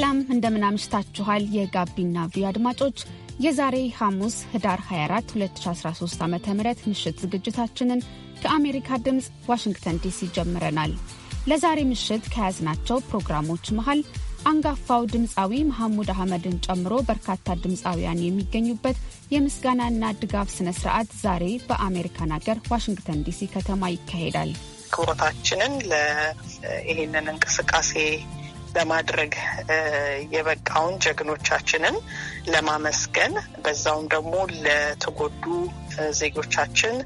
ሰላም እንደምን የጋቢና ቪ አድማጮች የዛሬ ሐሙስ ህዳር 24 2013 ዓ ም ምሽት ዝግጅታችንን ከአሜሪካ ድምፅ ዋሽንግተን ዲሲ ጀምረናል። ለዛሬ ምሽት ከያዝናቸው ፕሮግራሞች መሃል አንጋፋው ድምፃዊ መሐሙድ አህመድን ጨምሮ በርካታ ድምፃውያን የሚገኙበት የምስጋናና ድጋፍ ስነ ስርዓት ዛሬ በአሜሪካን ሀገር ዋሽንግተን ዲሲ ከተማ ይካሄዳል። ክብሮታችንን ለይህንን እንቅስቃሴ በማድረግ የበቃውን ጀግኖቻችንን ለማመስገን በዛውም ደግሞ ለተጎዱ ዜጎቻችን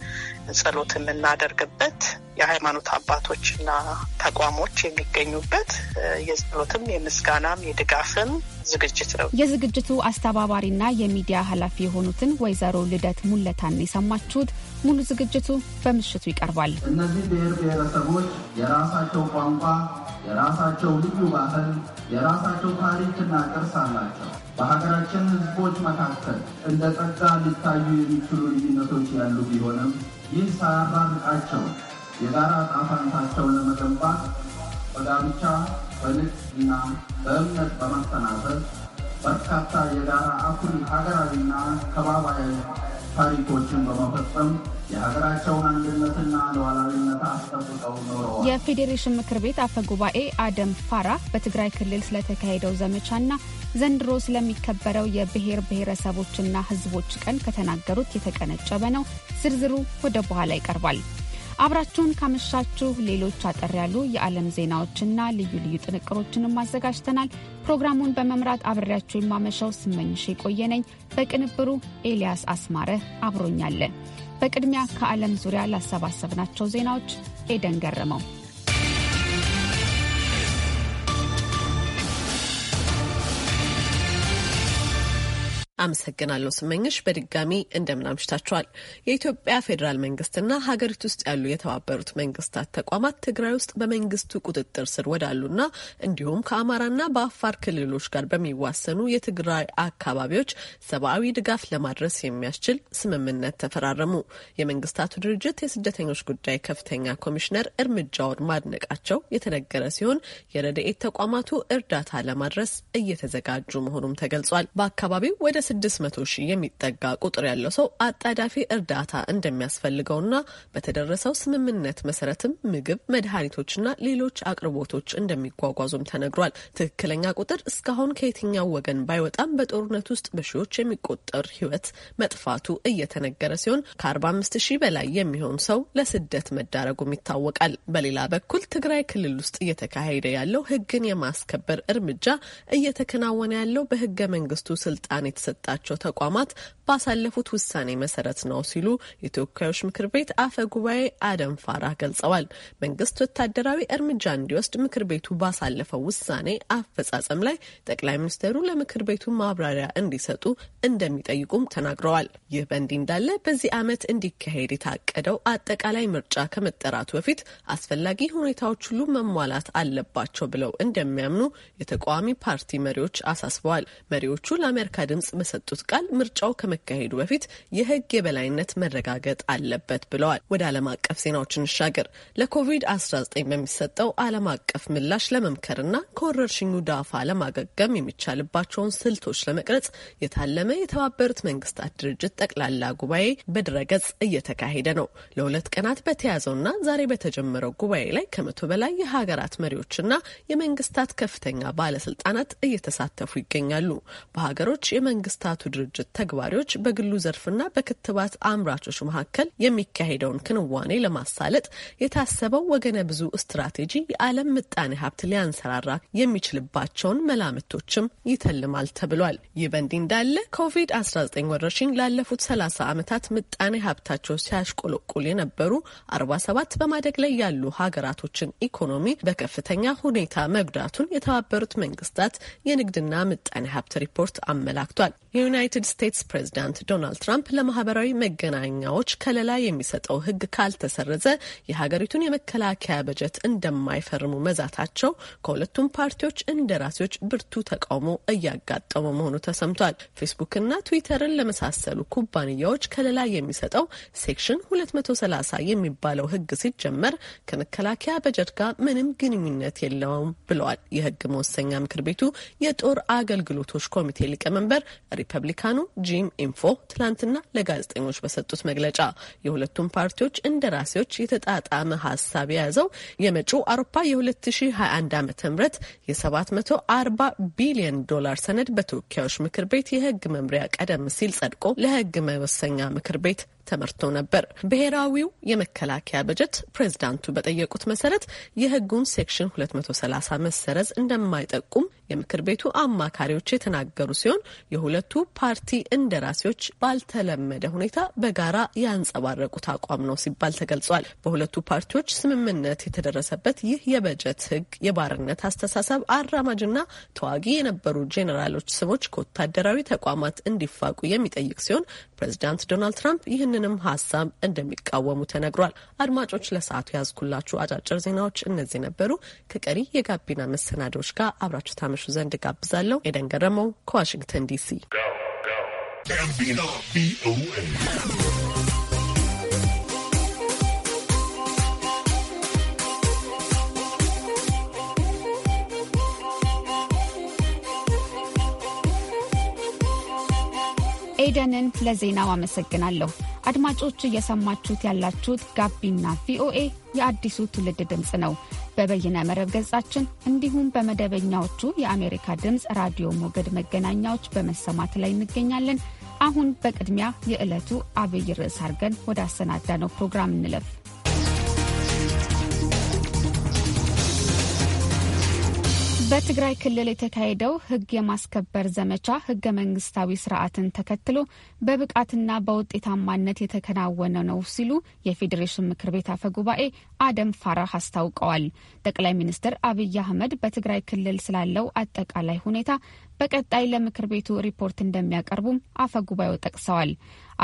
ጸሎት የምናደርግበት የሃይማኖት አባቶችና ተቋሞች የሚገኙበት የጸሎትም የምስጋናም የድጋፍም ዝግጅት ነው። የዝግጅቱ አስተባባሪና የሚዲያ ኃላፊ የሆኑትን ወይዘሮ ልደት ሙለታን የሰማችሁት። ሙሉ ዝግጅቱ በምሽቱ ይቀርባል። እነዚህ ብሔር ብሔረሰቦች የራሳቸው ቋንቋ፣ የራሳቸው ልዩ ባህል፣ የራሳቸው ታሪክና ቅርስ አላቸው። በሀገራችን ህዝቦች መካከል እንደ ጸጋ ሊታዩ የሚችሉ ልዩነቶች ያሉ ቢሆንም ይህ ሳያራርቃቸው የጋራ ጣፋንታቸውን ለመገንባት በጋብቻ በንግድና በእምነት በመተናዘዝ በርካታ የጋራ አኩሪ ሀገራዊና ከባባያዊ ታሪኮችን በመፈጸም የሀገራቸውን አንድነትና ሉዓላዊነት አስጠብቀው ኖረዋል። የፌዴሬሽን ምክር ቤት አፈ ጉባኤ አደም ፋራ በትግራይ ክልል ስለተካሄደው ዘመቻና ዘንድሮ ስለሚከበረው የብሔር ብሔረሰቦችና ሕዝቦች ቀን ከተናገሩት የተቀነጨበ ነው። ዝርዝሩ ወደ በኋላ ይቀርባል። አብራችሁን ካመሻችሁ ሌሎች አጠር ያሉ የዓለም ዜናዎችና ልዩ ልዩ ጥንቅሮችንም አዘጋጅተናል። ፕሮግራሙን በመምራት አብሬያችሁ የማመሻው ስመኝሽ የቆየነኝ፣ በቅንብሩ ኤልያስ አስማረ አብሮኛለን። በቅድሚያ ከዓለም ዙሪያ ላሰባሰብናቸው ዜናዎች ኤደን ገረመው አመሰግናለሁ ስመኝሽ። በድጋሚ እንደምናምሽታችኋል። የኢትዮጵያ ፌዴራል መንግስትና ሀገሪቱ ውስጥ ያሉ የተባበሩት መንግስታት ተቋማት ትግራይ ውስጥ በመንግስቱ ቁጥጥር ስር ወዳሉና እንዲሁም ከአማራና በአፋር ክልሎች ጋር በሚዋሰኑ የትግራይ አካባቢዎች ሰብአዊ ድጋፍ ለማድረስ የሚያስችል ስምምነት ተፈራረሙ። የመንግስታቱ ድርጅት የስደተኞች ጉዳይ ከፍተኛ ኮሚሽነር እርምጃውን ማድነቃቸው የተነገረ ሲሆን የረድኤት ተቋማቱ እርዳታ ለማድረስ እየተዘጋጁ መሆኑም ተገልጿል። በአካባቢው ወደ 600 ሺህ የሚጠጋ ቁጥር ያለው ሰው አጣዳፊ እርዳታ እንደሚያስፈልገውና በተደረሰው ስምምነት መሰረትም ምግብ፣ መድኃኒቶችና ሌሎች አቅርቦቶች እንደሚጓጓዙም ተነግሯል። ትክክለኛ ቁጥር እስካሁን ከየትኛው ወገን ባይወጣም በጦርነት ውስጥ በሺዎች የሚቆጠር ህይወት መጥፋቱ እየተነገረ ሲሆን ከ45 ሺህ በላይ የሚሆን ሰው ለስደት መዳረጉም ይታወቃል። በሌላ በኩል ትግራይ ክልል ውስጥ እየተካሄደ ያለው ህግን የማስከበር እርምጃ እየተከናወነ ያለው በህገ መንግስቱ ስልጣን የተሰጠ በሰጣቸው ተቋማት ባሳለፉት ውሳኔ መሰረት ነው ሲሉ የተወካዮች ምክር ቤት አፈ ጉባኤ አደም ፋራህ ገልጸዋል። መንግስት ወታደራዊ እርምጃ እንዲወስድ ምክር ቤቱ ባሳለፈው ውሳኔ አፈጻጸም ላይ ጠቅላይ ሚኒስትሩ ለምክር ቤቱ ማብራሪያ እንዲሰጡ እንደሚጠይቁም ተናግረዋል። ይህ በእንዲህ እንዳለ በዚህ ዓመት እንዲካሄድ የታቀደው አጠቃላይ ምርጫ ከመጠራቱ በፊት አስፈላጊ ሁኔታዎች ሁሉ መሟላት አለባቸው ብለው እንደሚያምኑ የተቃዋሚ ፓርቲ መሪዎች አሳስበዋል። መሪዎቹ ለአሜሪካ ድምጽ በሰጡት ቃል ምርጫው ከመ ከመካሄዱ በፊት የህግ የበላይነት መረጋገጥ አለበት ብለዋል። ወደ ዓለም አቀፍ ዜናዎች እንሻገር። ለኮቪድ-19 በሚሰጠው ዓለም አቀፍ ምላሽ ለመምከርና ከወረርሽኙ ዳፋ ለማገገም የሚቻልባቸውን ስልቶች ለመቅረጽ የታለመ የተባበሩት መንግስታት ድርጅት ጠቅላላ ጉባኤ በድረገጽ እየተካሄደ ነው። ለሁለት ቀናት በተያዘውና ዛሬ በተጀመረው ጉባኤ ላይ ከመቶ በላይ የሀገራት መሪዎችና የመንግስታት ከፍተኛ ባለስልጣናት እየተሳተፉ ይገኛሉ። በሀገሮች የመንግስታቱ ድርጅት ተግባሪዎች ነጋዴዎች በግሉ ዘርፍና በክትባት አምራቾች መካከል የሚካሄደውን ክንዋኔ ለማሳለጥ የታሰበው ወገነ ብዙ ስትራቴጂ የዓለም ምጣኔ ሀብት ሊያንሰራራ የሚችልባቸውን መላምቶችም ይተልማል ተብሏል። ይህ በእንዲህ እንዳለ ኮቪድ-19 ወረርሽኝ ላለፉት 30 ዓመታት ምጣኔ ሀብታቸው ሲያሽቆለቁል የነበሩ 47 በማደግ ላይ ያሉ ሀገራቶችን ኢኮኖሚ በከፍተኛ ሁኔታ መጉዳቱን የተባበሩት መንግስታት የንግድና ምጣኔ ሀብት ሪፖርት አመላክቷል። የዩናይትድ ስቴትስ ፕሬዝዳንት ዶናልድ ትራምፕ ለማህበራዊ መገናኛዎች ከለላ የሚሰጠው ሕግ ካልተሰረዘ የሀገሪቱን የመከላከያ በጀት እንደማይፈርሙ መዛታቸው ከሁለቱም ፓርቲዎች እንደራሴዎች ብርቱ ተቃውሞ እያጋጠሙ መሆኑ ተሰምቷል። ፌስቡክና ትዊተርን ለመሳሰሉ ኩባንያዎች ከለላ የሚሰጠው ሴክሽን 230 የሚባለው ሕግ ሲጀመር ከመከላከያ በጀት ጋር ምንም ግንኙነት የለውም ብለዋል የሕግ መወሰኛ ምክር ቤቱ የጦር አገልግሎቶች ኮሚቴ ሊቀመንበር ሪፐብሊካኑ ጂም ኢንፎ ትላንትና ለጋዜጠኞች በሰጡት መግለጫ የሁለቱም ፓርቲዎች እንደራሴዎች የተጣጣመ ሀሳብ የያዘው የመጪው አውሮፓ የ2021 ዓ ም የ740 ቢሊዮን ዶላር ሰነድ በተወካዮች ምክር ቤት የህግ መምሪያ ቀደም ሲል ጸድቆ ለህግ መወሰኛ ምክር ቤት ተመርቶ ነበር። ብሔራዊው የመከላከያ በጀት ፕሬዝዳንቱ በጠየቁት መሰረት የህጉን ሴክሽን 230 መሰረዝ እንደማይጠቁም የምክር ቤቱ አማካሪዎች የተናገሩ ሲሆን የሁለቱ ፓርቲ እንደራሴዎች ባልተለመደ ሁኔታ በጋራ ያንጸባረቁት አቋም ነው ሲባል ተገልጿል። በሁለቱ ፓርቲዎች ስምምነት የተደረሰበት ይህ የበጀት ህግ የባርነት አስተሳሰብ አራማጅና ተዋጊ የነበሩ ጄኔራሎች ስሞች ከወታደራዊ ተቋማት እንዲፋቁ የሚጠይቅ ሲሆን ፕሬዚዳንት ዶናልድ ትራምፕ ይህንንም ሀሳብ እንደሚቃወሙ ተነግሯል። አድማጮች ለሰዓቱ ያዝኩላችሁ አጫጭር ዜናዎች እነዚህ ነበሩ። ከቀሪ የጋቢና መሰናዶዎች ጋር አብራችሁ ታመሹ ታመሹ ዘንድ ጋብዛለሁ። ኤደን ገረመው ከዋሽንግተን ዲሲ ኤደንን ለዜናው አመሰግናለሁ። አድማጮች እየሰማችሁት ያላችሁት ጋቢና ቪኦኤ የአዲሱ ትውልድ ድምፅ ነው። በበይነ መረብ ገጻችን እንዲሁም በመደበኛዎቹ የአሜሪካ ድምፅ ራዲዮ ሞገድ መገናኛዎች በመሰማት ላይ እንገኛለን። አሁን በቅድሚያ የዕለቱ አብይ ርዕስ አድርገን ወደ አሰናዳ ነው ፕሮግራም እንለፍ። በትግራይ ክልል የተካሄደው ሕግ የማስከበር ዘመቻ ህገ መንግስታዊ ስርዓትን ተከትሎ በብቃትና በውጤታማነት የተከናወነ ነው ሲሉ የፌዴሬሽን ምክር ቤት አፈ ጉባኤ አደም ፋራህ አስታውቀዋል። ጠቅላይ ሚኒስትር አብይ አህመድ በትግራይ ክልል ስላለው አጠቃላይ ሁኔታ በቀጣይ ለምክር ቤቱ ሪፖርት እንደሚያቀርቡም አፈ ጉባኤው ጠቅሰዋል።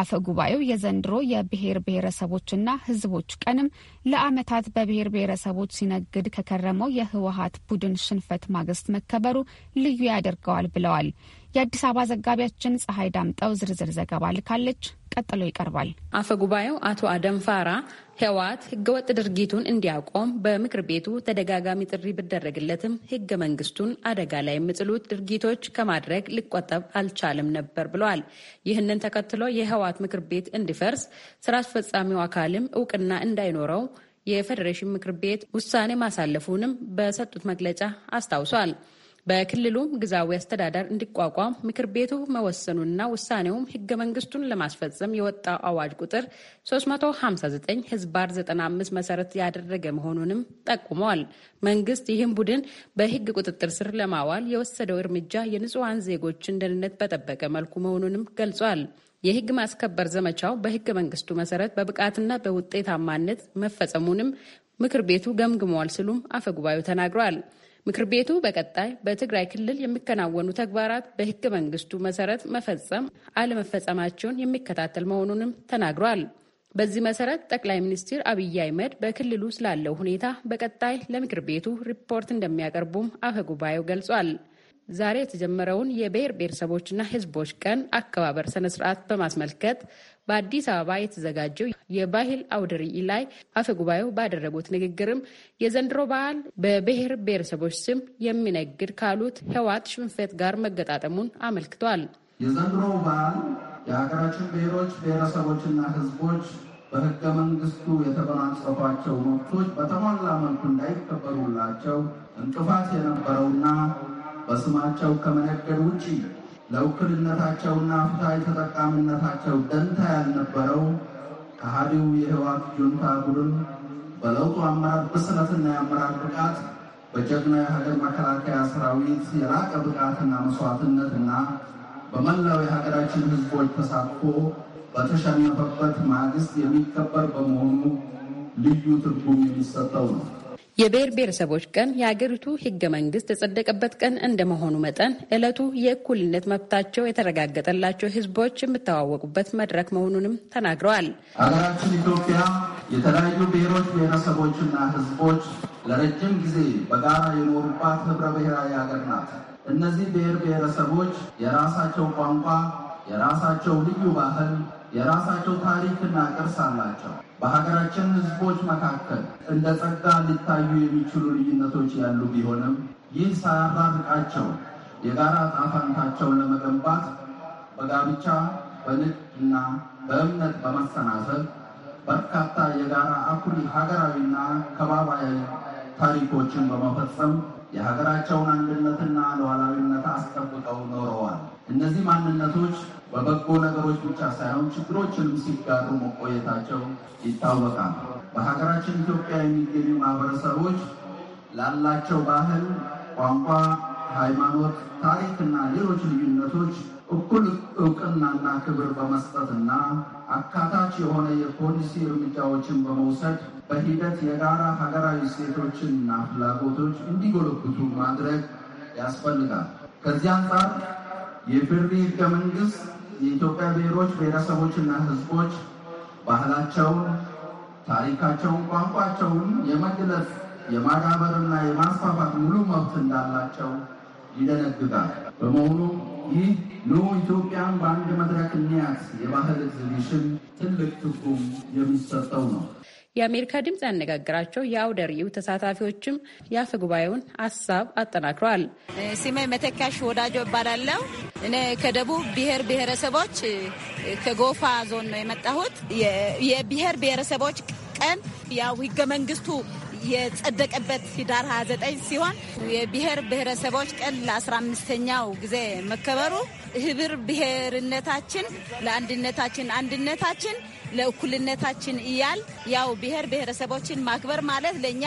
አፈ ጉባኤው የዘንድሮ የብሔር ብሔረሰቦችና ሕዝቦች ቀንም ለአመታት በብሔር ብሔረሰቦች ሲነግድ ከከረመው የህወሀት ቡድን ሽንፈት ማግስት መከበሩ ልዩ ያደርገዋል ብለዋል። የአዲስ አበባ ዘጋቢያችን ፀሐይ ዳምጠው ዝርዝር ዘገባ ልካለች። ቀጥሎ ይቀርባል። አፈ ጉባኤው አቶ አደም ፋራ ህወሓት ህገወጥ ድርጊቱን እንዲያቆም በምክር ቤቱ ተደጋጋሚ ጥሪ ቢደረግለትም ህገ መንግስቱን አደጋ ላይ የሚጥሉት ድርጊቶች ከማድረግ ሊቆጠብ አልቻለም ነበር ብለዋል። ይህንን ተከትሎ የህወሓት ምክር ቤት እንዲፈርስ ስራ አስፈጻሚው አካልም እውቅና እንዳይኖረው የፌዴሬሽን ምክር ቤት ውሳኔ ማሳለፉንም በሰጡት መግለጫ አስታውሷል። በክልሉም ግዛዊ አስተዳደር እንዲቋቋም ምክር ቤቱ መወሰኑና ውሳኔውም ህገ መንግስቱን ለማስፈጸም የወጣ አዋጅ ቁጥር 359 ህዝባር 95 መሰረት ያደረገ መሆኑንም ጠቁመዋል። መንግስት ይህም ቡድን በህግ ቁጥጥር ስር ለማዋል የወሰደው እርምጃ የንጹሐን ዜጎችን ደህንነት በጠበቀ መልኩ መሆኑንም ገልጿል። የህግ ማስከበር ዘመቻው በህገ መንግስቱ መሰረት በብቃትና በውጤታማነት መፈጸሙንም ምክር ቤቱ ገምግመዋል ሲሉም አፈጉባኤው ተናግረዋል። ምክር ቤቱ በቀጣይ በትግራይ ክልል የሚከናወኑ ተግባራት በሕገ መንግስቱ መሰረት መፈጸም አለመፈጸማቸውን የሚከታተል መሆኑንም ተናግሯል። በዚህ መሰረት ጠቅላይ ሚኒስትር አብይ አህመድ በክልሉ ስላለው ሁኔታ በቀጣይ ለምክር ቤቱ ሪፖርት እንደሚያቀርቡም አፈ ጉባኤው ገልጿል። ዛሬ የተጀመረውን የብሔር ብሔረሰቦችና ህዝቦች ቀን አከባበር ስነስርዓት በማስመልከት በአዲስ አበባ የተዘጋጀው የባህል አውደ ርዕይ ላይ አፈ ጉባኤው ባደረጉት ንግግርም የዘንድሮ በዓል በብሔር ብሔረሰቦች ስም የሚነግድ ካሉት ህወሓት ሽንፈት ጋር መገጣጠሙን አመልክቷል። የዘንድሮ በዓል የሀገራችን ብሔሮች ብሔረሰቦችና ህዝቦች በህገ መንግስቱ የተጎናጸፏቸው መብቶች በተሟላ መልኩ እንዳይከበሩላቸው እንቅፋት የነበረውና በስማቸው ከመነገድ ውጪ ለውክልነታቸውና ፍትሐዊ ተጠቃሚነታቸው ደንታ ያልነበረው ከሃዲው የህወሓት ጁንታ ቡድን በለውጡ አመራር ብስለትና የአመራር ብቃት በጀግና የሀገር መከላከያ ሰራዊት የላቀ ብቃትና መስዋዕትነትና በመላው የሀገራችን ህዝቦች ተሳትፎ በተሸነፈበት ማግስት የሚከበር በመሆኑ ልዩ ትርጉም የሚሰጠው ነው። የብሔር ብሔረሰቦች ቀን የአገሪቱ ህገ መንግስት የጸደቀበት ቀን እንደመሆኑ መጠን ዕለቱ የእኩልነት መብታቸው የተረጋገጠላቸው ሕዝቦች የሚተዋወቁበት መድረክ መሆኑንም ተናግረዋል። አገራችን ኢትዮጵያ የተለያዩ ብሔሮች ብሔረሰቦችና ህዝቦች ለረጅም ጊዜ በጋራ የኖሩባት ህብረ ብሔራዊ ሀገር ናት። እነዚህ ብሔር ብሔረሰቦች የራሳቸው ቋንቋ፣ የራሳቸው ልዩ ባህል የራሳቸው ታሪክና ቅርስ አላቸው። በሀገራችን ህዝቦች መካከል እንደ ጸጋ ሊታዩ የሚችሉ ልዩነቶች ያሉ ቢሆንም ይህ ሳያራርቃቸው የጋራ ጣፋንታቸውን ለመገንባት በጋብቻ በንግድና በእምነት በመሰናሰል በርካታ የጋራ አኩሪ ሀገራዊና ከባባያዊ ታሪኮችን በመፈጸም የሀገራቸውን አንድነትና ሉዓላዊነት አስጠብቀው ኖረዋል። እነዚህ ማንነቶች በበጎ ነገሮች ብቻ ሳይሆን ችግሮችንም ሲጋሩ መቆየታቸው ይታወቃል። በሀገራችን ኢትዮጵያ የሚገኙ ማህበረሰቦች ላላቸው ባህል፣ ቋንቋ፣ ሃይማኖት፣ ታሪክና ሌሎች ልዩነቶች እኩል እውቅናና ክብር በመስጠትና አካታች የሆነ የፖሊሲ እርምጃዎችን በመውሰድ በሂደት የጋራ ሀገራዊ እሴቶችንና ፍላጎቶች እንዲጎለብቱ ማድረግ ያስፈልጋል። ከዚህ አንጻር የፍሪ ህገ መንግስት የኢትዮጵያ ብሔሮች ብሔረሰቦችና ህዝቦች ባህላቸውን፣ ታሪካቸውን፣ ቋንቋቸውን የመግለጽ የማዳበርና የማስፋፋት ሙሉ መብት እንዳላቸው ይደነግጋል። በመሆኑ ይህ ኑ ኢትዮጵያን በአንድ መድረክ እንያት የባህል ኤግዚቢሽን ትልቅ ትርጉም የሚሰጠው ነው። የአሜሪካ ድምፅ ያነጋግራቸው የአውደ ርዕዩ ተሳታፊዎችም የአፈ ጉባኤውን ሀሳብ አጠናክረዋል። ስሜ መተካሽ ወዳጆ እባላለሁ። እኔ ከደቡብ ብሔር ብሔረሰቦች ከጎፋ ዞን ነው የመጣሁት። የብሔር ብሔረሰቦች ቀን ያው ህገ መንግስቱ የጸደቀበት ህዳር 29 ሲሆን የብሔር ብሔረሰቦች ቀን ለ15ኛው ጊዜ መከበሩ ህብር ብሔርነታችን ለአንድነታችን አንድነታችን ለእኩልነታችን እያል ያው ብሔር ብሔረሰቦችን ማክበር ማለት ለእኛ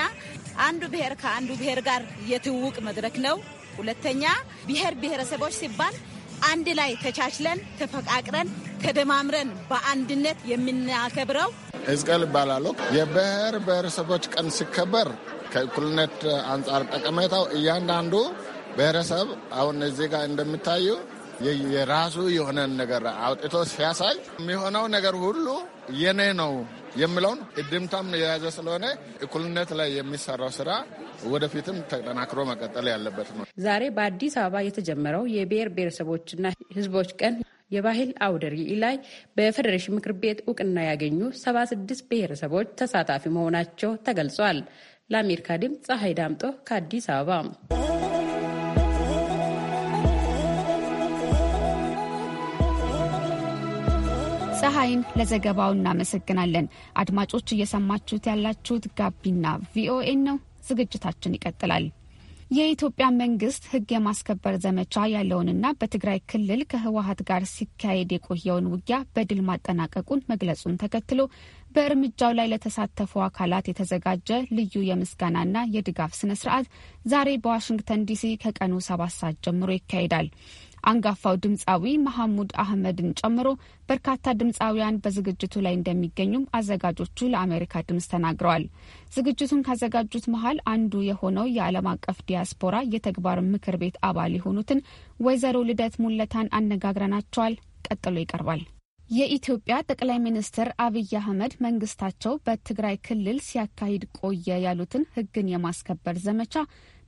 አንዱ ብሔር ከአንዱ ብሔር ጋር የትውቅ መድረክ ነው። ሁለተኛ ብሔር ብሔረሰቦች ሲባል አንድ ላይ ተቻችለን ተፈቃቅረን ተደማምረን በአንድነት የምናከብረው ህዝቀል ይባላለሁ። የብሔር ብሔረሰቦች ቀን ሲከበር ከእኩልነት አንጻር ጠቀሜታው እያንዳንዱ ብሔረሰብ አሁን እዚህ ጋር እንደሚታዩ የራሱ የሆነን ነገር አውጥቶ ሲያሳይ የሚሆነው ነገር ሁሉ የኔ ነው የሚለውን እድምታም የያዘ ስለሆነ እኩልነት ላይ የሚሰራው ስራ ወደፊትም ተጠናክሮ መቀጠል ያለበት ነው። ዛሬ በአዲስ አበባ የተጀመረው የብሔር ብሔረሰቦችና ህዝቦች ቀን የባህል አውደ ርዕይ ላይ በፌዴሬሽን ምክር ቤት እውቅና ያገኙ 76 ብሔረሰቦች ተሳታፊ መሆናቸው ተገልጿል። ለአሜሪካ ድምፅ ፀሐይ ዳምጦ ከአዲስ አበባ። ፀሐይን ለዘገባው እናመሰግናለን። አድማጮች እየሰማችሁት ያላችሁት ጋቢና ቪኦኤ ነው። ዝግጅታችን ይቀጥላል። የኢትዮጵያ መንግስት ህግ የማስከበር ዘመቻ ያለውንና በትግራይ ክልል ከህወሀት ጋር ሲካሄድ የቆየውን ውጊያ በድል ማጠናቀቁን መግለጹን ተከትሎ በእርምጃው ላይ ለተሳተፉ አካላት የተዘጋጀ ልዩ የምስጋናና የድጋፍ ስነ ስርዓት ዛሬ በዋሽንግተን ዲሲ ከቀኑ ሰባት ሰዓት ጀምሮ ይካሄዳል። አንጋፋው ድምፃዊ መሐሙድ አህመድን ጨምሮ በርካታ ድምፃውያን በዝግጅቱ ላይ እንደሚገኙም አዘጋጆቹ ለአሜሪካ ድምፅ ተናግረዋል። ዝግጅቱን ካዘጋጁት መሀል አንዱ የሆነው የዓለም አቀፍ ዲያስፖራ የተግባር ምክር ቤት አባል የሆኑትን ወይዘሮ ልደት ሙለታን አነጋግረናቸዋል። ቀጥሎ ይቀርባል። የኢትዮጵያ ጠቅላይ ሚኒስትር አብይ አህመድ መንግስታቸው በትግራይ ክልል ሲያካሂድ ቆየ ያሉትን ህግን የማስከበር ዘመቻ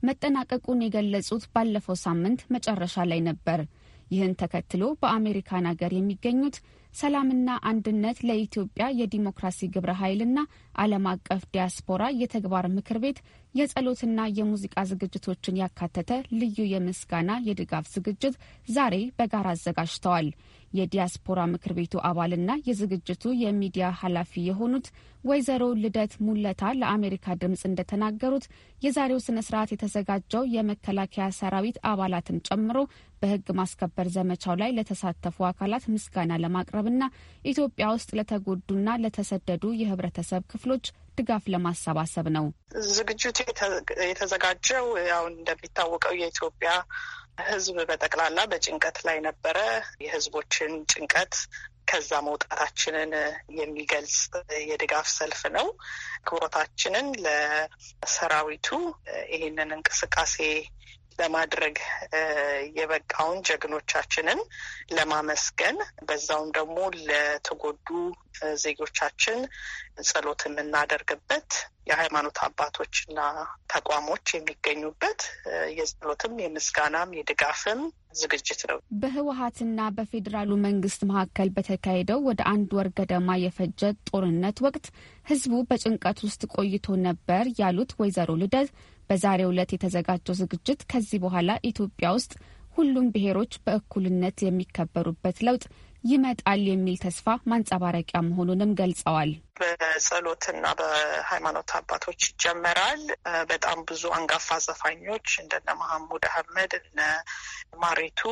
መጠናቀቁን የገለጹት ባለፈው ሳምንት መጨረሻ ላይ ነበር። ይህን ተከትሎ በአሜሪካን አገር የሚገኙት ሰላምና አንድነት ለኢትዮጵያ የዲሞክራሲ ግብረ ኃይልና ዓለም አቀፍ ዲያስፖራ የተግባር ምክር ቤት የጸሎትና የሙዚቃ ዝግጅቶችን ያካተተ ልዩ የምስጋና የድጋፍ ዝግጅት ዛሬ በጋራ አዘጋጅተዋል። የዲያስፖራ ምክር ቤቱ አባልና የዝግጅቱ የሚዲያ ኃላፊ የሆኑት ወይዘሮ ልደት ሙለታ ለአሜሪካ ድምፅ እንደተናገሩት የዛሬው ስነ ስርዓት የተዘጋጀው የመከላከያ ሰራዊት አባላትን ጨምሮ በህግ ማስከበር ዘመቻው ላይ ለተሳተፉ አካላት ምስጋና ለማቅረብና ኢትዮጵያ ውስጥ ለተጎዱና ለተሰደዱ የህብረተሰብ ክፍሎች ድጋፍ ለማሰባሰብ ነው። ዝግጅቱ የተዘጋጀው ያው እንደሚታወቀው የኢትዮጵያ ህዝብ በጠቅላላ በጭንቀት ላይ ነበረ። የህዝቦችን ጭንቀት ከዛ መውጣታችንን የሚገልጽ የድጋፍ ሰልፍ ነው። ክብሮታችንን ለሰራዊቱ ይህንን እንቅስቃሴ በማድረግ የበቃውን ጀግኖቻችንን ለማመስገን በዛውም ደግሞ ለተጎዱ ዜጎቻችን ጸሎት የምናደርግበት የሃይማኖት አባቶችና ተቋሞች የሚገኙበት የጸሎትም የምስጋናም የድጋፍም ዝግጅት ነው። በህወሀትና በፌዴራሉ መንግስት መካከል በተካሄደው ወደ አንድ ወር ገደማ የፈጀ ጦርነት ወቅት ህዝቡ በጭንቀት ውስጥ ቆይቶ ነበር ያሉት ወይዘሮ ልደት በዛሬው ዕለት የተዘጋጀው ዝግጅት ከዚህ በኋላ ኢትዮጵያ ውስጥ ሁሉም ብሔሮች በእኩልነት የሚከበሩበት ለውጥ ይመጣል የሚል ተስፋ ማንጸባረቂያ መሆኑንም ገልጸዋል። በጸሎትና በሃይማኖት አባቶች ይጀመራል። በጣም ብዙ አንጋፋ ዘፋኞች እንደነ መሐሙድ አህመድ እነ ማሪቱ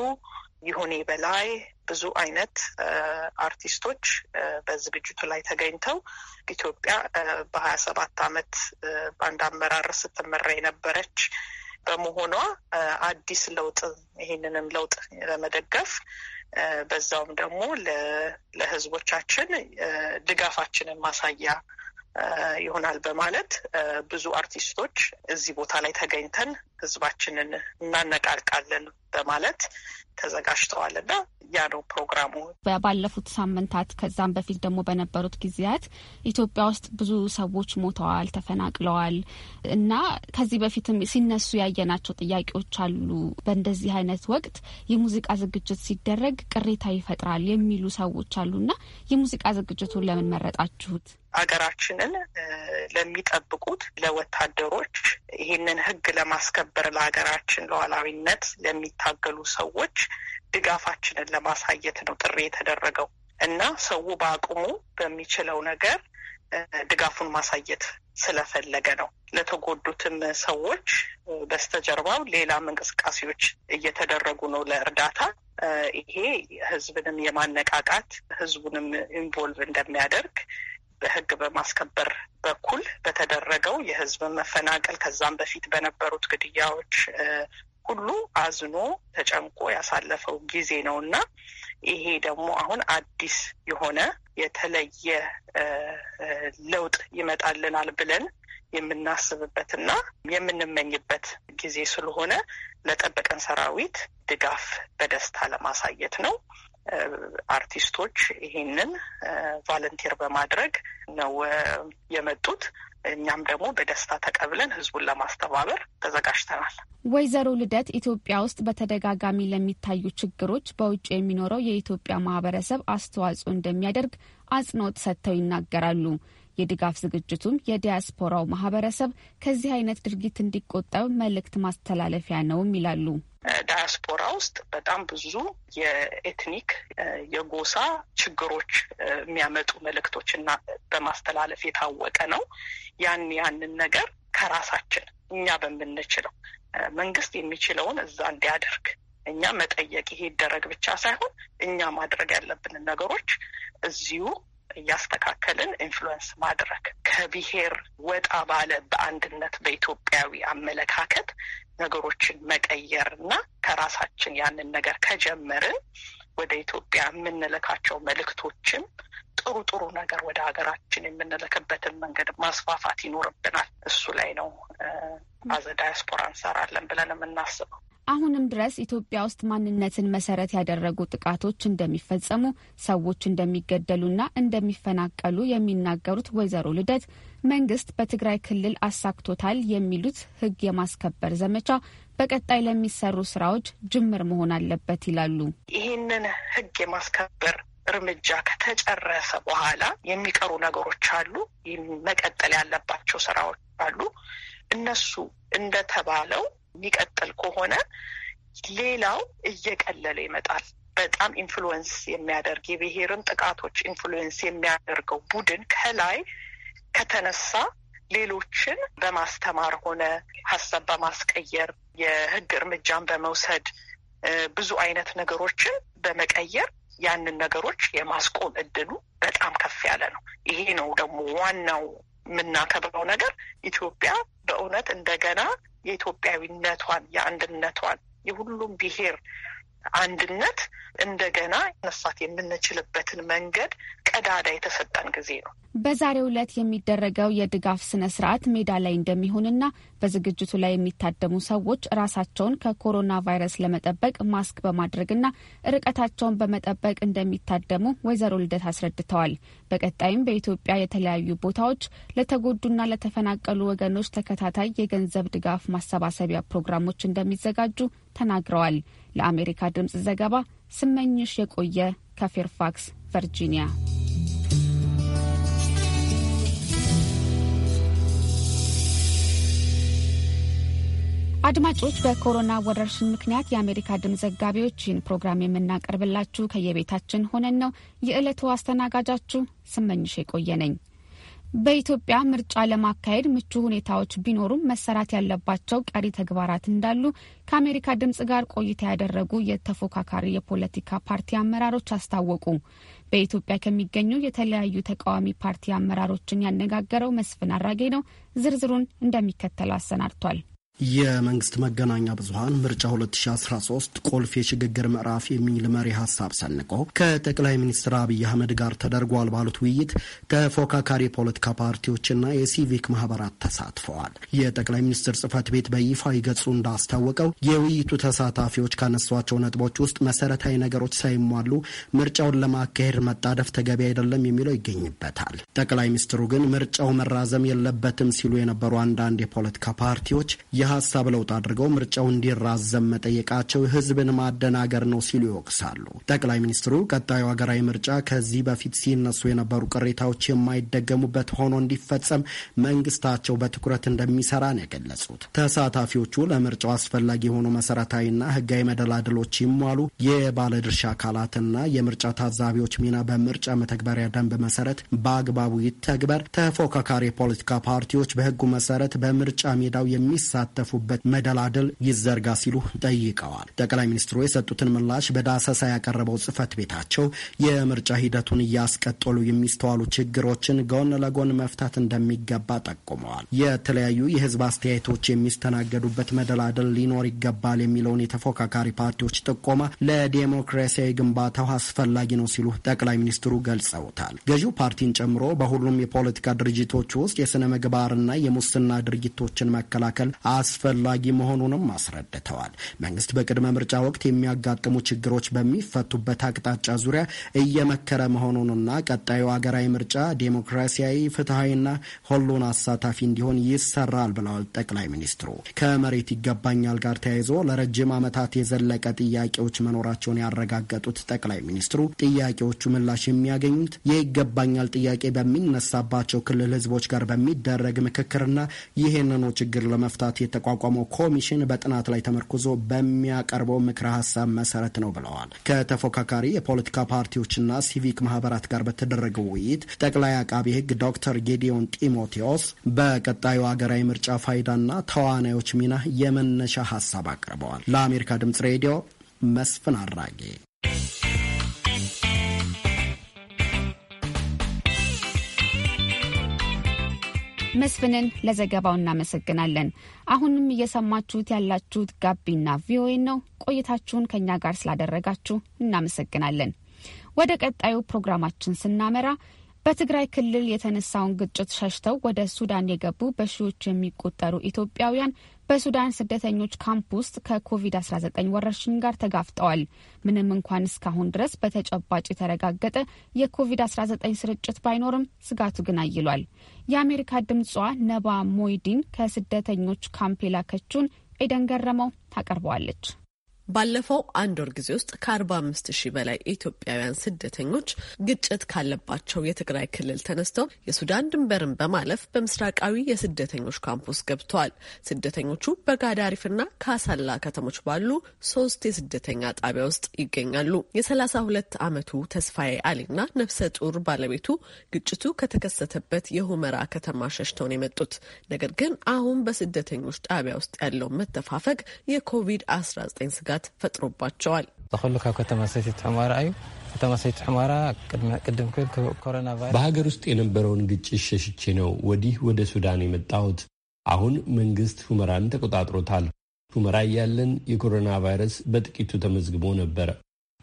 ይሁኔ በላይ ብዙ አይነት አርቲስቶች በዝግጅቱ ላይ ተገኝተው ኢትዮጵያ በሀያ ሰባት አመት በአንድ አመራር ስትመራ የነበረች በመሆኗ አዲስ ለውጥ ይህንንም ለውጥ ለመደገፍ በዛውም ደግሞ ለህዝቦቻችን ድጋፋችንን ማሳያ ይሆናል በማለት ብዙ አርቲስቶች እዚህ ቦታ ላይ ተገኝተን ህዝባችንን እናነቃልቃለን በማለት ተዘጋጅተዋል እና ያ ነው ፕሮግራሙ። ባለፉት ሳምንታት ከዛም በፊት ደግሞ በነበሩት ጊዜያት ኢትዮጵያ ውስጥ ብዙ ሰዎች ሞተዋል፣ ተፈናቅለዋል እና ከዚህ በፊትም ሲነሱ ያየናቸው ጥያቄዎች አሉ። በእንደዚህ አይነት ወቅት የሙዚቃ ዝግጅት ሲደረግ ቅሬታ ይፈጥራል የሚሉ ሰዎች እና የሙዚቃ ዝግጅቱን ለምን መረጣችሁት? አገራችንን ለሚጠብቁት ለወታደሮች ይህንን ህግ ለማስከበር ለሀገራችን ለዋላዊነት ለሚታገሉ ሰዎች ድጋፋችንን ለማሳየት ነው ጥሪ የተደረገው እና ሰው በአቅሙ በሚችለው ነገር ድጋፉን ማሳየት ስለፈለገ ነው። ለተጎዱትም ሰዎች በስተጀርባው ሌላም እንቅስቃሴዎች እየተደረጉ ነው ለእርዳታ። ይሄ ህዝብንም የማነቃቃት ህዝቡንም ኢንቮልቭ እንደሚያደርግ በህግ በማስከበር በኩል በተደረገው የህዝብ መፈናቀል ከዛም በፊት በነበሩት ግድያዎች ሁሉ አዝኖ ተጨንቆ ያሳለፈው ጊዜ ነው እና ይሄ ደግሞ አሁን አዲስ የሆነ የተለየ ለውጥ ይመጣልናል ብለን የምናስብበትና የምንመኝበት ጊዜ ስለሆነ ለጠበቀን ሰራዊት ድጋፍ በደስታ ለማሳየት ነው። አርቲስቶች ይሄንን ቫለንቲር በማድረግ ነው የመጡት። እኛም ደግሞ በደስታ ተቀብለን ህዝቡን ለማስተባበር ተዘጋጅተናል። ወይዘሮ ልደት ኢትዮጵያ ውስጥ በተደጋጋሚ ለሚታዩ ችግሮች በውጭ የሚኖረው የኢትዮጵያ ማህበረሰብ አስተዋጽኦ እንደሚያደርግ አጽንኦት ሰጥተው ይናገራሉ። የድጋፍ ዝግጅቱም የዲያስፖራው ማህበረሰብ ከዚህ አይነት ድርጊት እንዲቆጠብ መልእክት ማስተላለፊያ ነውም ይላሉ። ዳያስፖራ ውስጥ በጣም ብዙ የኤትኒክ የጎሳ ችግሮች የሚያመጡ መልእክቶችና በማስተላለፍ የታወቀ ነው። ያን ያንን ነገር ከራሳችን እኛ በምንችለው መንግስት የሚችለውን እዛ እንዲያደርግ እኛ መጠየቅ ይሄ ይደረግ ብቻ ሳይሆን እኛ ማድረግ ያለብንን ነገሮች እዚሁ እያስተካከልን ኢንፍሉወንስ ማድረግ ከብሄር ወጣ ባለ በአንድነት በኢትዮጵያዊ አመለካከት ነገሮችን መቀየር እና ከራሳችን ያንን ነገር ከጀመርን ወደ ኢትዮጵያ የምንልካቸው መልእክቶችን ጥሩ ጥሩ ነገር ወደ ሀገራችን የምንልክበትን መንገድ ማስፋፋት ይኖርብናል። እሱ ላይ ነው አዘ ዳያስፖራ እንሰራለን ብለን የምናስበው። አሁንም ድረስ ኢትዮጵያ ውስጥ ማንነትን መሰረት ያደረጉ ጥቃቶች እንደሚፈጸሙ፣ ሰዎች እንደሚገደሉና እንደሚፈናቀሉ የሚናገሩት ወይዘሮ ልደት መንግስት በትግራይ ክልል አሳክቶታል የሚሉት ህግ የማስከበር ዘመቻ በቀጣይ ለሚሰሩ ስራዎች ጅምር መሆን አለበት ይላሉ። ይህንን ህግ የማስከበር እርምጃ ከተጨረሰ በኋላ የሚቀሩ ነገሮች አሉ። መቀጠል ያለባቸው ስራዎች አሉ። እነሱ እንደተባለው የሚቀጥል ከሆነ ሌላው እየቀለለ ይመጣል። በጣም ኢንፍሉዌንስ የሚያደርግ የብሔርን ጥቃቶች ኢንፍሉዌንስ የሚያደርገው ቡድን ከላይ ከተነሳ ሌሎችን በማስተማር ሆነ ሀሳብ በማስቀየር የህግ እርምጃን በመውሰድ ብዙ አይነት ነገሮችን በመቀየር ያንን ነገሮች የማስቆም እድሉ በጣም ከፍ ያለ ነው። ይሄ ነው ደግሞ ዋናው የምናከብረው ነገር ኢትዮጵያ በእውነት እንደገና የኢትዮጵያዊነቷን የአንድነቷን የሁሉም ብሄር አንድነት እንደገና ነሳት የምንችልበትን መንገድ ቀዳዳ የተሰጠን ጊዜ ነው። በዛሬው ዕለት የሚደረገው የድጋፍ ስነ ስርዓት ሜዳ ላይ እንደሚሆንና በዝግጅቱ ላይ የሚታደሙ ሰዎች ራሳቸውን ከኮሮና ቫይረስ ለመጠበቅ ማስክ በማድረግና ርቀታቸውን በመጠበቅ እንደሚታደሙ ወይዘሮ ልደት አስረድተዋል። በቀጣይም በኢትዮጵያ የተለያዩ ቦታዎች ለተጎዱና ለተፈናቀሉ ወገኖች ተከታታይ የገንዘብ ድጋፍ ማሰባሰቢያ ፕሮግራሞች እንደሚዘጋጁ ተናግረዋል። ለአሜሪካ ድምጽ ዘገባ ስመኝሽ የቆየ ከፌርፋክስ ቨርጂኒያ አድማጮች በኮሮና ወረርሽኝ ምክንያት የአሜሪካ ድምፅ ዘጋቢዎች ይህን ፕሮግራም የምናቀርብላችሁ ከየቤታችን ሆነን ነው። የዕለቱ አስተናጋጃችሁ ስመኝሽ የቆየ ነኝ። በኢትዮጵያ ምርጫ ለማካሄድ ምቹ ሁኔታዎች ቢኖሩም መሰራት ያለባቸው ቀሪ ተግባራት እንዳሉ ከአሜሪካ ድምፅ ጋር ቆይታ ያደረጉ የተፎካካሪ የፖለቲካ ፓርቲ አመራሮች አስታወቁ። በኢትዮጵያ ከሚገኙ የተለያዩ ተቃዋሚ ፓርቲ አመራሮችን ያነጋገረው መስፍን አራጌ ነው። ዝርዝሩን እንደሚከተለው አሰናድቷል። የመንግስት መገናኛ ብዙሀን ምርጫ 2013 ቁልፍ የሽግግር ምዕራፍ የሚል መሪ ሀሳብ ሰንቆ ከጠቅላይ ሚኒስትር አብይ አህመድ ጋር ተደርጓል ባሉት ውይይት ተፎካካሪ የፖለቲካ ፓርቲዎችና የሲቪክ ማህበራት ተሳትፈዋል። የጠቅላይ ሚኒስትር ጽህፈት ቤት በይፋ ገጹ እንዳስታወቀው የውይይቱ ተሳታፊዎች ካነሷቸው ነጥቦች ውስጥ መሰረታዊ ነገሮች ሳይሟሉ ምርጫውን ለማካሄድ መጣደፍ ተገቢ አይደለም የሚለው ይገኝበታል። ጠቅላይ ሚኒስትሩ ግን ምርጫው መራዘም የለበትም ሲሉ የነበሩ አንዳንድ የፖለቲካ ፓርቲዎች የሀሳብ ለውጥ አድርገው ምርጫው እንዲራዘም መጠየቃቸው ህዝብን ማደናገር ነው ሲሉ ይወቅሳሉ። ጠቅላይ ሚኒስትሩ ቀጣዩ ሀገራዊ ምርጫ ከዚህ በፊት ሲነሱ የነበሩ ቅሬታዎች የማይደገሙበት ሆኖ እንዲፈጸም መንግስታቸው በትኩረት እንደሚሰራ ነው የገለጹት። ተሳታፊዎቹ ለምርጫው አስፈላጊ የሆኑ መሰረታዊና ህጋዊ መደላድሎች ይሟሉ፣ የባለድርሻ አካላትና የምርጫ ታዛቢዎች ሚና በምርጫ መተግበሪያ ደንብ መሰረት በአግባቡ ይተግበር፣ ተፎካካሪ የፖለቲካ ፓርቲዎች በህጉ መሰረት በምርጫ ሜዳው የሚሳ የሚሳተፉበት መደላደል ይዘርጋ ሲሉ ጠይቀዋል። ጠቅላይ ሚኒስትሩ የሰጡትን ምላሽ በዳሰሳ ያቀረበው ጽህፈት ቤታቸው የምርጫ ሂደቱን እያስቀጠሉ የሚስተዋሉ ችግሮችን ጎን ለጎን መፍታት እንደሚገባ ጠቁመዋል። የተለያዩ የህዝብ አስተያየቶች የሚስተናገዱበት መደላደል ሊኖር ይገባል የሚለውን የተፎካካሪ ፓርቲዎች ጥቆማ ለዲሞክራሲያዊ ግንባታው አስፈላጊ ነው ሲሉ ጠቅላይ ሚኒስትሩ ገልጸውታል። ገዢው ፓርቲን ጨምሮ በሁሉም የፖለቲካ ድርጅቶች ውስጥ የስነ ምግባርና የሙስና ድርጊቶችን መከላከል አስፈላጊ መሆኑንም አስረድተዋል። መንግስት በቅድመ ምርጫ ወቅት የሚያጋጥሙ ችግሮች በሚፈቱበት አቅጣጫ ዙሪያ እየመከረ መሆኑንና ቀጣዩ ሀገራዊ ምርጫ ዴሞክራሲያዊ፣ ፍትሐዊና ሁሉን አሳታፊ እንዲሆን ይሰራል ብለዋል ጠቅላይ ሚኒስትሩ። ከመሬት ይገባኛል ጋር ተያይዞ ለረጅም ዓመታት የዘለቀ ጥያቄዎች መኖራቸውን ያረጋገጡት ጠቅላይ ሚኒስትሩ ጥያቄዎቹ ምላሽ የሚያገኙት የይገባኛል ጥያቄ በሚነሳባቸው ክልል ህዝቦች ጋር በሚደረግ ምክክርና ይህንኑ ችግር ለመፍታት የተቋቋመው ኮሚሽን በጥናት ላይ ተመርኩዞ በሚያቀርበው ምክረ ሀሳብ መሰረት ነው ብለዋል። ከተፎካካሪ የፖለቲካ ፓርቲዎችና ሲቪክ ማህበራት ጋር በተደረገው ውይይት ጠቅላይ አቃቢ ህግ ዶክተር ጌዲዮን ጢሞቴዎስ በቀጣዩ ሀገራዊ ምርጫ ፋይዳና ተዋናዮች ሚና የመነሻ ሀሳብ አቅርበዋል። ለአሜሪካ ድምጽ ሬዲዮ መስፍን አራጌ መስፍንን ለዘገባው እናመሰግናለን። አሁንም እየሰማችሁት ያላችሁት ጋቢና ቪኦኤ ነው። ቆይታችሁን ከእኛ ጋር ስላደረጋችሁ እናመሰግናለን። ወደ ቀጣዩ ፕሮግራማችን ስናመራ በትግራይ ክልል የተነሳውን ግጭት ሸሽተው ወደ ሱዳን የገቡ በሺዎች የሚቆጠሩ ኢትዮጵያውያን በሱዳን ስደተኞች ካምፕ ውስጥ ከኮቪድ-19 ወረርሽኝ ጋር ተጋፍጠዋል። ምንም እንኳን እስካሁን ድረስ በተጨባጭ የተረጋገጠ የኮቪድ-19 ስርጭት ባይኖርም ስጋቱ ግን አይሏል። የአሜሪካ ድምጿ ነባ ሞይዲን ከስደተኞች ካምፕ የላከችውን ኤደን ገረመው ታቀርበዋለች። ባለፈው አንድ ወር ጊዜ ውስጥ ከ45 ሺህ በላይ ኢትዮጵያውያን ስደተኞች ግጭት ካለባቸው የትግራይ ክልል ተነስተው የሱዳን ድንበርን በማለፍ በምስራቃዊ የስደተኞች ካምፖስ ገብተዋል። ስደተኞቹ በጋዳሪፍና ካሳላ ከተሞች ባሉ ሶስት የስደተኛ ጣቢያ ውስጥ ይገኛሉ። የ32 ዓመቱ ተስፋዬ አሊና ነፍሰ ጡር ባለቤቱ ግጭቱ ከተከሰተበት የሁመራ ከተማ ሸሽተው ነው የመጡት። ነገር ግን አሁን በስደተኞች ጣቢያ ውስጥ ያለው መተፋፈግ የኮቪድ-19 ስጋት ስጋት ፈጥሮባቸዋል። በሀገር ውስጥ የነበረውን ግጭት ሸሽቼ ነው ወዲህ ወደ ሱዳን የመጣሁት። አሁን መንግስት ሁመራን ተቆጣጥሮታል። ሁመራ እያለን የኮሮና ቫይረስ በጥቂቱ ተመዝግቦ ነበር።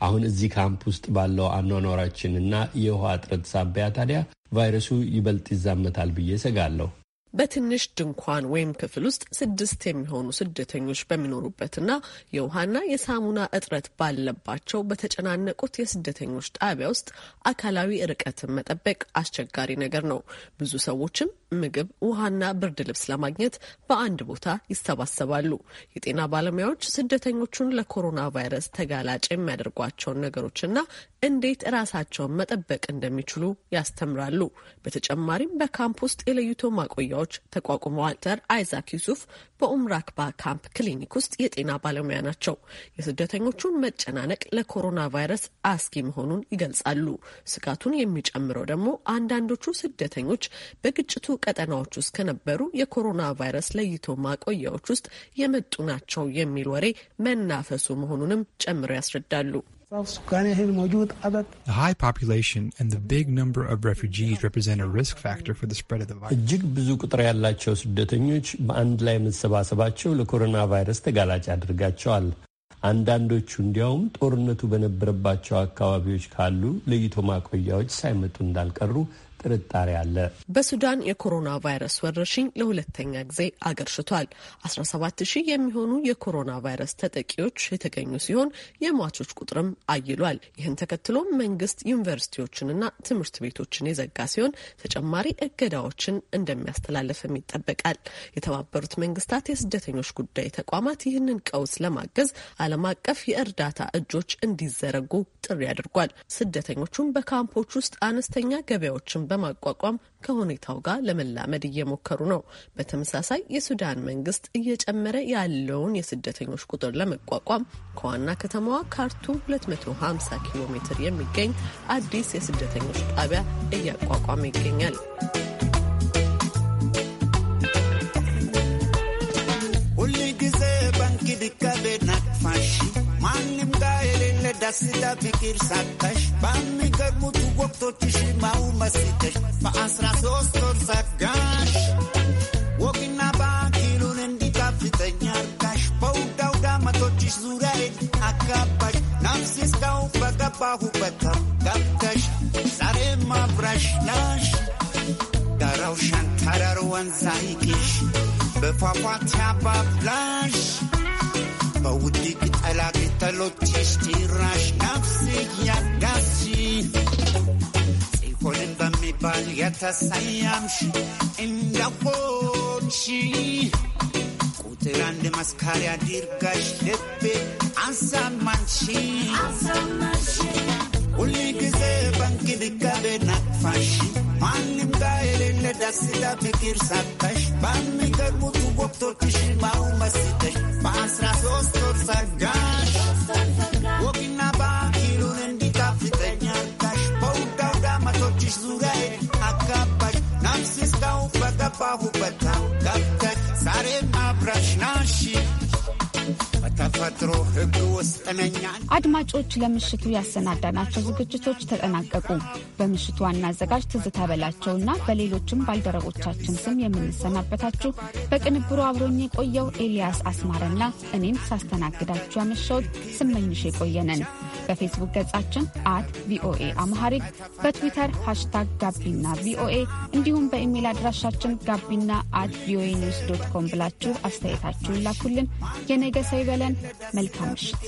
አሁን እዚህ ካምፕ ውስጥ ባለው አኗኗራችንና የውሃ እጥረት ሳቢያ ታዲያ ቫይረሱ ይበልጥ ይዛመታል ብዬ ሰጋለሁ። በትንሽ ድንኳን ወይም ክፍል ውስጥ ስድስት የሚሆኑ ስደተኞች በሚኖሩበትና የውሃና የሳሙና እጥረት ባለባቸው በተጨናነቁት የስደተኞች ጣቢያ ውስጥ አካላዊ ርቀትን መጠበቅ አስቸጋሪ ነገር ነው። ብዙ ሰዎችም ምግብ፣ ውሃና ብርድ ልብስ ለማግኘት በአንድ ቦታ ይሰባሰባሉ። የጤና ባለሙያዎች ስደተኞቹን ለኮሮና ቫይረስ ተጋላጭ የሚያደርጓቸውን ነገሮችና እንዴት ራሳቸውን መጠበቅ እንደሚችሉ ያስተምራሉ። በተጨማሪም በካምፕ ውስጥ የለይቶ ማቆያዎች ተቋቁመዋል። ተር አይዛክ ዩሱፍ በኡምራክባ ካምፕ ክሊኒክ ውስጥ የጤና ባለሙያ ናቸው። የስደተኞቹን መጨናነቅ ለኮሮና ቫይረስ አስጊ መሆኑን ይገልጻሉ። ስጋቱን የሚጨምረው ደግሞ አንዳንዶቹ ስደተኞች በግጭቱ ቀጠናዎች ውስጥ ከነበሩ የኮሮና ቫይረስ ለይቶ ማቆያዎች ውስጥ የመጡ ናቸው የሚል ወሬ መናፈሱ መሆኑንም ጨምረው ያስረዳሉ። እጅግ ብዙ ቁጥር ያላቸው ስደተኞች በአንድ ላይ መሰባሰባቸው ለኮሮና ቫይረስ ተጋላጭ አድርጋቸዋል። አንዳንዶቹ እንዲያውም ጦርነቱ በነበረባቸው አካባቢዎች ካሉ ለይቶ ማቆያዎች ሳይመጡ እንዳልቀሩ ጥርጣሬ አለ። በሱዳን የኮሮና ቫይረስ ወረርሽኝ ለሁለተኛ ጊዜ አገርሽቷል። 17 ሺህ የሚሆኑ የኮሮና ቫይረስ ተጠቂዎች የተገኙ ሲሆን የሟቾች ቁጥርም አይሏል። ይህን ተከትሎ መንግስት ዩኒቨርሲቲዎችንና ትምህርት ቤቶችን የዘጋ ሲሆን ተጨማሪ እገዳዎችን እንደሚያስተላለፍም ይጠበቃል። የተባበሩት መንግስታት የስደተኞች ጉዳይ ተቋማት ይህንን ቀውስ ለማገዝ ዓለም አቀፍ የእርዳታ እጆች እንዲዘረጉ ጥሪ አድርጓል። ስደተኞቹም በካምፖች ውስጥ አነስተኛ ገበያዎችን በማቋቋም ከሁኔታው ጋር ለመላመድ እየሞከሩ ነው። በተመሳሳይ የሱዳን መንግስት እየጨመረ ያለውን የስደተኞች ቁጥር ለመቋቋም ከዋና ከተማዋ ካርቱም 250 ኪሎ ሜትር የሚገኝ አዲስ የስደተኞች ጣቢያ እያቋቋመ ይገኛል። ሁል ጊዜ ባንክ ዳስዳ ፍቅር ሳታሽ በሚገርሙት ወቅቶችሽ ማው በአስራ ሶስት ወር ዘጋሽ ወግና ባኪሉን እንዲጣፍጠኝ አርጋሽ በውዳው ዳመቶችሽ ዙሪያ አካባሽ ናፍሴ እስካው በገባሁበት ገብተሽ ዛሬ ማብራሽ ናሽ ዳራውሻን ሸንተረር ወንዝ ሐይቅሽ በፏፏቴ አባብላሽ በውድ ጠላ! ቅጠሎችሽ ጭራሽ ነፍስ እያጋሽ ጽሆንን በሚባል የተሰየምሽ እንደሆንሽ ቁጥር አንድ መስካሪ አድርጋሽ ልቤ አሳማንሽ ሁል ጊዜ በእንክብካቤ ናቅፋሽ ማንም ጋ የሌለ ደስታ ፍቅር ሰጠሽ በአስራ ሶስት ወር time. አድማጮች ለምሽቱ ያሰናዳናቸው ዝግጅቶች ተጠናቀቁ። በምሽቱ ዋና አዘጋጅ ትዝታ በላቸውና በሌሎችም ባልደረቦቻችን ስም የምንሰናበታችሁ በቅንብሩ አብሮኝ የቆየው ኤልያስ አስማረና እኔም ሳስተናግዳችሁ ያመሸሁት ስመኝሽ የቆየነን በፌስቡክ ገጻችን አት ቪኦኤ አምሃሪክ በትዊተር ሃሽታግ ጋቢና ቪኦኤ እንዲሁም በኢሜይል አድራሻችን ጋቢና አት ቪኦኤ ኒውስ ዶት ኮም ብላችሁ አስተያየታችሁን ላኩልን። የነገ ሰው ይበለን። መልካም ምሽት።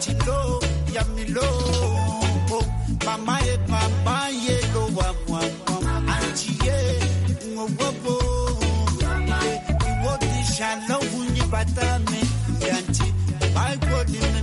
chito ya milo oh, mama e papa ye lo wa wa anti ye ngobo bo mama e wo di shalom ni me anti bal ko